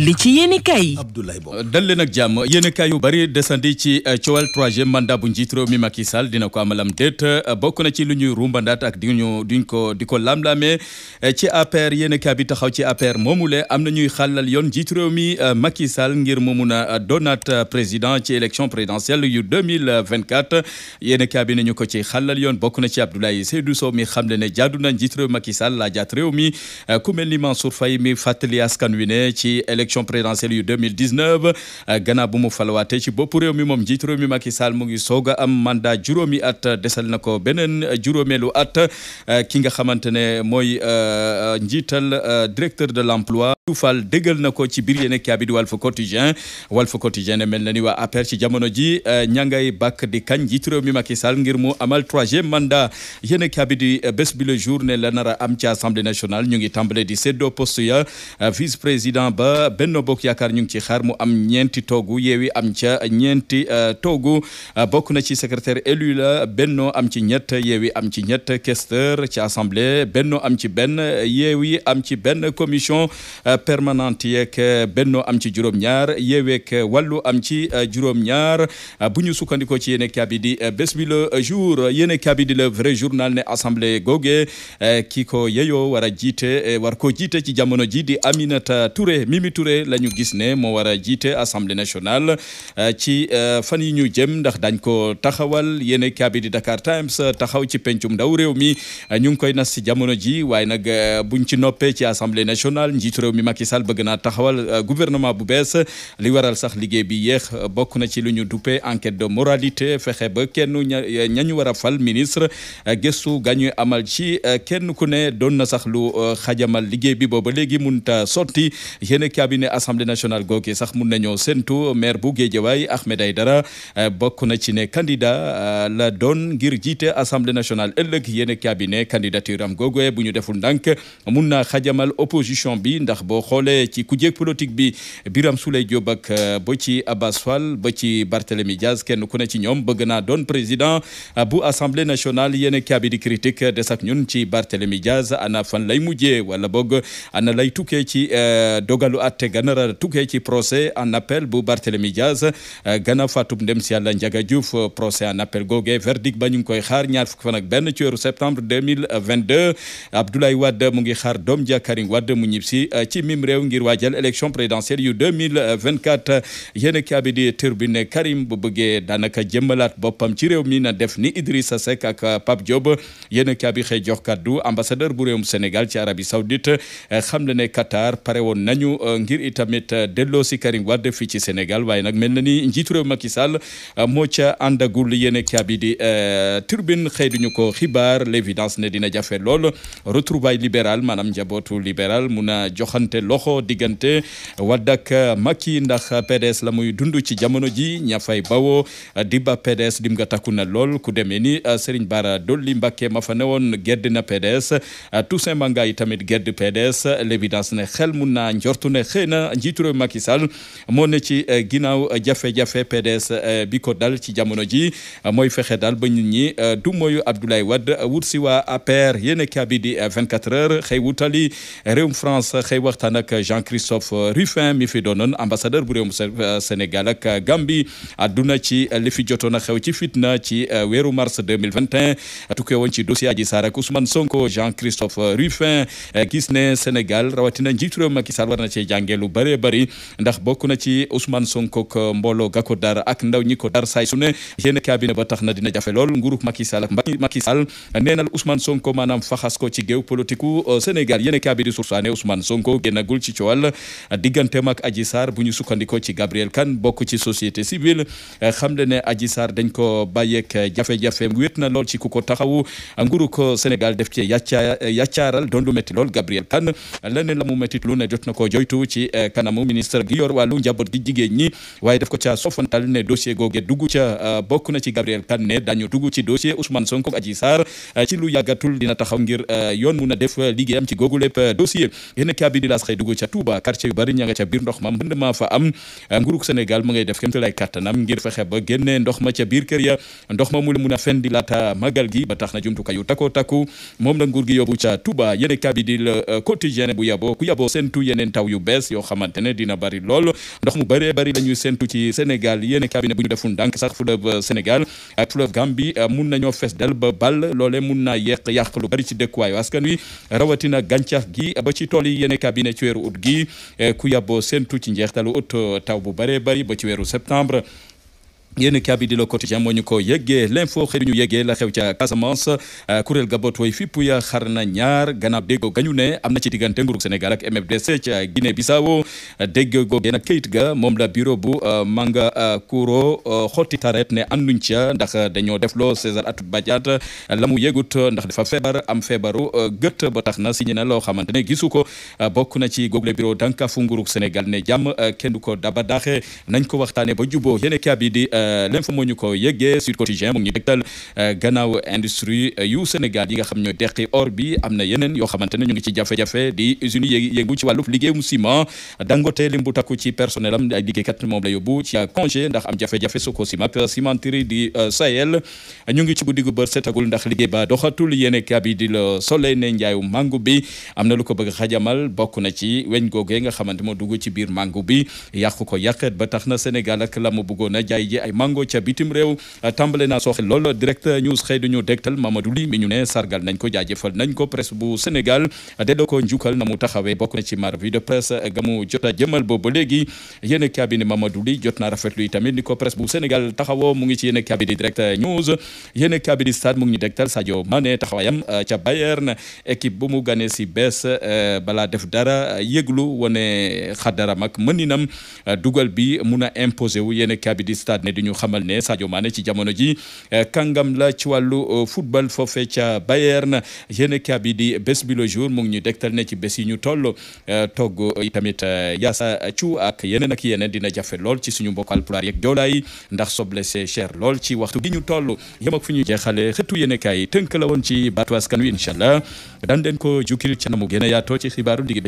li ci yéen i kaay Abdoulaye Bob euh, dal leen ak i kaay yu bëri desandi ci euh, coowal troisième bu njiit mi Macky dina ko amalam déet euh, bokk ci lu ñuy rumbandaat ak di ko di ko lam-lamee ci APR yéen i kaay bi taxaw ci appaire moomule am na ñuy xalal yoon njiit réew mi Macky Sall ngir mu mun a doonaat président ci élection présidentielle yu 2024 yéen i kaay bi ko ci xalal yoon bokk na ci Abdoulaye Seydou Sow mi xam le ne jaadu na njiit réew Macky Sall laajaat réew mi ku mel ni Mansour Faye mi fàttali askan wi ne ci élection présidentielle yu 2019 euh, gannaaw bu mu falwaate ci bopp réew mi moom njiit réew mi Macky Sall mu ngi soog a am mandat juróomi at desal na ko beneen juróomeelu at euh, ki nga xamante ne mooy euh, njiital directeur de l'emploi Fatou Fall dëggal na ko ci biir yéen ak bi di Walf Quotidien Walf Quotidien ne mel na ni waa APR ci jamono ji euh, ñangay bàkk di kañ jiitu réew mi Macky Sall ngir mu amal troisième mandat yéen ak bi di euh, bés bi jour ne la nar a am ci assemblée nationale ñu ngi tàmbale di seddo poste ya euh, vice président ba Benno Bokk Yaakaar ñu ngi ci xaar mu am ñeenti toogu yeewi am ca ñeenti toogu bokk na ci secrétaire élu la Benno am ci ñett yeewi am ci ñett questeur ci assemblée Benno am ci benn yeewi am ci benn commission permanente yeeg eh, bennoo am ci juróom-ñaar yeeweeg wàllu am ci eh, juróom-ñaar eh, bu ñu sukkandikoo ci yéen a di bés jour yéen a di le vrai journal ne assemblée googe ki ko yeyoo war a jiite war ko jiite ci jamono ji di Aminata Touré Mimi Touré la ñu gis ne moo war a jiite assemblée nationale ci fan yi ñu jëm ndax dañ ko taxawal yéen a di Dakar Times taxaw ci pencum ndaw réew mi ñu ngi koy nas ci jamono ji waaye nag buñ ci noppee ci assemblée nationale njiitu réew mi bi Macky Sall bëgg naa taxawal euh, gouvernement bu bees li waral sax liggéey bi yéex euh, bokk na ci lu ñu duppee enquête de moralité fexe ba kenn ña euh, ñu war a fal ministre gëstu ñu amal ci kenn ku ne doon na sax lu xajamal liggéey bi booba léegi munta sorti yéen cabinet assemblée nationale googu sax mun nañoo séntu maire bu Guédiawaye Ahmed dara bokk na ci ne candidat la doon ngir jiite assemblée nationale ëllëg yéen cabinet candidature am googu bu ñu deful ndànk mun naa xajamal opposition bi ndax boo xoolee ci kujjeeg politique bi Birame Souleye Diop ak euh, ba ci Abass Fall ba ci Barthélémy Diaz kenn ku ne ci ñoom bëgg naa doon président euh, bu assemblée nationale yéen kaabi di critique ak ñun ci Barthélémy Diaz ana fan lay mujjee wala boog ana lay tukkee ci euh, dogalu atte ganara tukkee ci procès en appel bu Barthélémy Diaz gana fatub ndem si yàlla Ndiaga Diouf procès en appel googe verdict ba ñu ngi koy xaar ñaar fukki fan ak benn ci weeru septembre 2022 Abdoulaye Wade mu ngi xaar doom ja Karim Wade mu ci ci mim réew ngir waajal élection présidentielle yu 2024 yéen a kaabi di turbine Karim bu bëggee daanaka jëmmalaat boppam ci réew mi na def ni Idrissa Seck ak Pape Diop yéen a kaabi xëy jox kaddu ambassadeur bu mu Sénégal ci Arabie Saoudite xam na ne Qatar pare woon nañu ngir itamit delloo si Karim Wade fii ci Sénégal waaye nag mel na ni njiitu réew Macky Sall moo ca àndagul yéen a kaabi di euh, turbine xëy duñu ko xibaar l'évidence ne dina jafe lool retrouvaille libéral maanaam njabootu libéral joxante loxo diggante Wade ak Macky ndax PDS la muy dund ci jamono ji ña fay bawoo di ba PDS nga takku na lool ku demee ni ah, Serigne Bara Dolly Mbacké ma fa newoon gedd na PDS ah, Toussaint Manga yi tamit gedd PDS l'évidence ne xel mun naa njortu ne xëy na njiitu réew Macky Sall moo ne ci eh, ginnaaw jafe-jafe PDS eh, bi ko dal ci jamono ji ah, mooy fexe daal ba nit ñi eh, du mooy Abdoulaye Wade wut si waa APR yéen a kii di 24 heures France xëy waxtaan ak Jean-Christophe Ruffin mi fi doonoon ambassadeur bu réewum euh, Sénégal ak Gambie àdduna ci euh, li fi jotoon a xew ci fitna ci euh, weeru mars 2021 tukkee woon ci dossier Adji Sarr ak Ousmane Sonko Jean-Christophe Ruffin gis ne Sénégal rawatina njiitu réew Macky Sall war na cee jàngee lu bëree bëri ndax bokk na ci Ousmane Sonko ak mbooloo ga dar ak ndaw ñi ko dar saay su ne yéen cabinet ba tax na dina jafe lool nguuru Macky Sall ak mbaa Macky Sall neenal Ousmane Sonko maanaam faxas ko ci géew politique Sénégal yéen cabinet di A ne Ousmane génnagul ci coowal digganteem ak Adji Sarr bu ñu sukkandikoo ci Gabriel kan bokk ci société civile xam le ne Adji Sarr dañ ko bàyyeeg jafe-jafe wéet na lool ci ko taxawu nguru ko Sénégal def ci yàcca yàccaaral doon lu métti lool Gabriel Kane leneen la mu métti lu ne jot na ko joytu ci eh, kanamu ministre gi yor wàllu njaboot gi jigéen ñi waaye def ko ca sofantal ne dossier googe dugg ca eh, bokk na ci Gabriel Kane ne dañu dugg ci dossier Ousmane Sonko ko Adji Sarr eh, ci lu yàggatul dina taxaw ngir yoon mun a def liggéeyam ci googu lépp dossier yéen a essence xëy dugg ca Touba quartier yu bari ña nga ca biir ndox ma mbënd ma fa am ah, nguurug Sénégal mu ngay def kémta lay kàttanam ngir fexe ba génne ndox ma ca biir kër ya ndox ma mu mun a fen magal gi ba tax na jumtukaay yu takko takku moom la nguur gi ca Touba yéene kabi di le quotidien bu yabo ku yabo sentu yeneen taw yu bees yoo xamante ne dina bari lool ndox mu bëree bari la ñuy sentu ci Sénégal yéene kabi ne bu ñu deful ndànk sax fleuve Sénégal ak fleuve Gambie ah, mun nañoo fees del ba bal loolee mun naa yàq yàq lu bari ci dëkkuwaayu askan wi rawatina gàncax gi ba ci tool yi yéene ci weeru ut gi eh, ku yabbo sentu ci njeextalu ut eh, taw bu bëree bari ba ci weeru septembre yéen kaabi di Le Quotidien moo ñu ko yëggee l'info xëy ñu yëggee la xew ca Casamance euh, kuréel ga boot way fippu ya xar na ñaar gannaaw déggoo gañu ne am na ci diggante nguurug Sénégal ak MFDC ca Guinée Bissau euh, déggoo googee nag kayit ga moom la bureau bu euh, Manga Kuro xotti taret ne ànduñ ca ndax dañoo def loo César Atoute Badiate la mu yëgut ndax dafa feebar am feebaru gët ba tax na signé na loo xamante ne gisu ko bokk na ci google bureau dankafu nguurug Sénégal ne jàmm kenn du ko daba daaxe nañ ko waxtaane ba juboo l'info euh, moo ñu ko yëggee Sud Quotidien mu ngi ñu euh, euh, am na yeneen yoo xamante ne ñu ngi ci jafe-jafe di usines yi yëngu ci wàllu liggéeyum ciment Dangote lim bu takku ci personnel am ay liggéeykat moom la yóbbu ci congé ndax am jafe-jafe su ko simap cimenterie di Sahel ñu ci guddi gu setagul ndax liggéey ba doxatul yéene kabi di Le Soleil ne njaayu mangu bi am na lu ko bëgg xajamal bokk na ci weñ googee nga xamante moo dugg ci biir mangu bi yàq ko yàqet ba a ay mango ca bitim réew tambale naa sooxe lool direct news xëy duñu dégtal Mamadou Ly mi ñu sargal nañ ko jaajëfal nañ ko presse bu Sénégal delloo ko njukkal na mu taxawee bokk na ci ma revue de presse ga mu jot a jëmal boobu léegi yéen cabinet Mamadou Ly jot naa rafetlu tamit ni ko presse bu Sénégal taxawoo mu ngi ci yéen cabinet direct news yéen cabinet stade mu ngi ñu dégtal Sadio Mané taxawaayam ca Bayern équipe bu mu ganee si bees balaa def dara yëglu wane xadaram ak mëninam dugal bi mun a imposé wu yéen cabinet stade ne di ñu xamal ne Sadio Mané ci jamono ji eh, kàngam la ci wàllu eh, football foofee ca Bayern yéen bi di bés bi le jour mu ngi ñu dégtal ne ci bés yi ñu toll eh, togg tamit yaasa cu ak yeneen ak yeneen dina jafe lool ci suñu mbokk alpulaar yeeg joolaa yi ndax soble c'est cher lool ci waxtu gi ñu toll yem ak fu ñu jeexale xëtu yéen kaay tënk la woon ci baatu askan wi incha allah daan ko jukkil ca na mu gën a ci xibaaru digg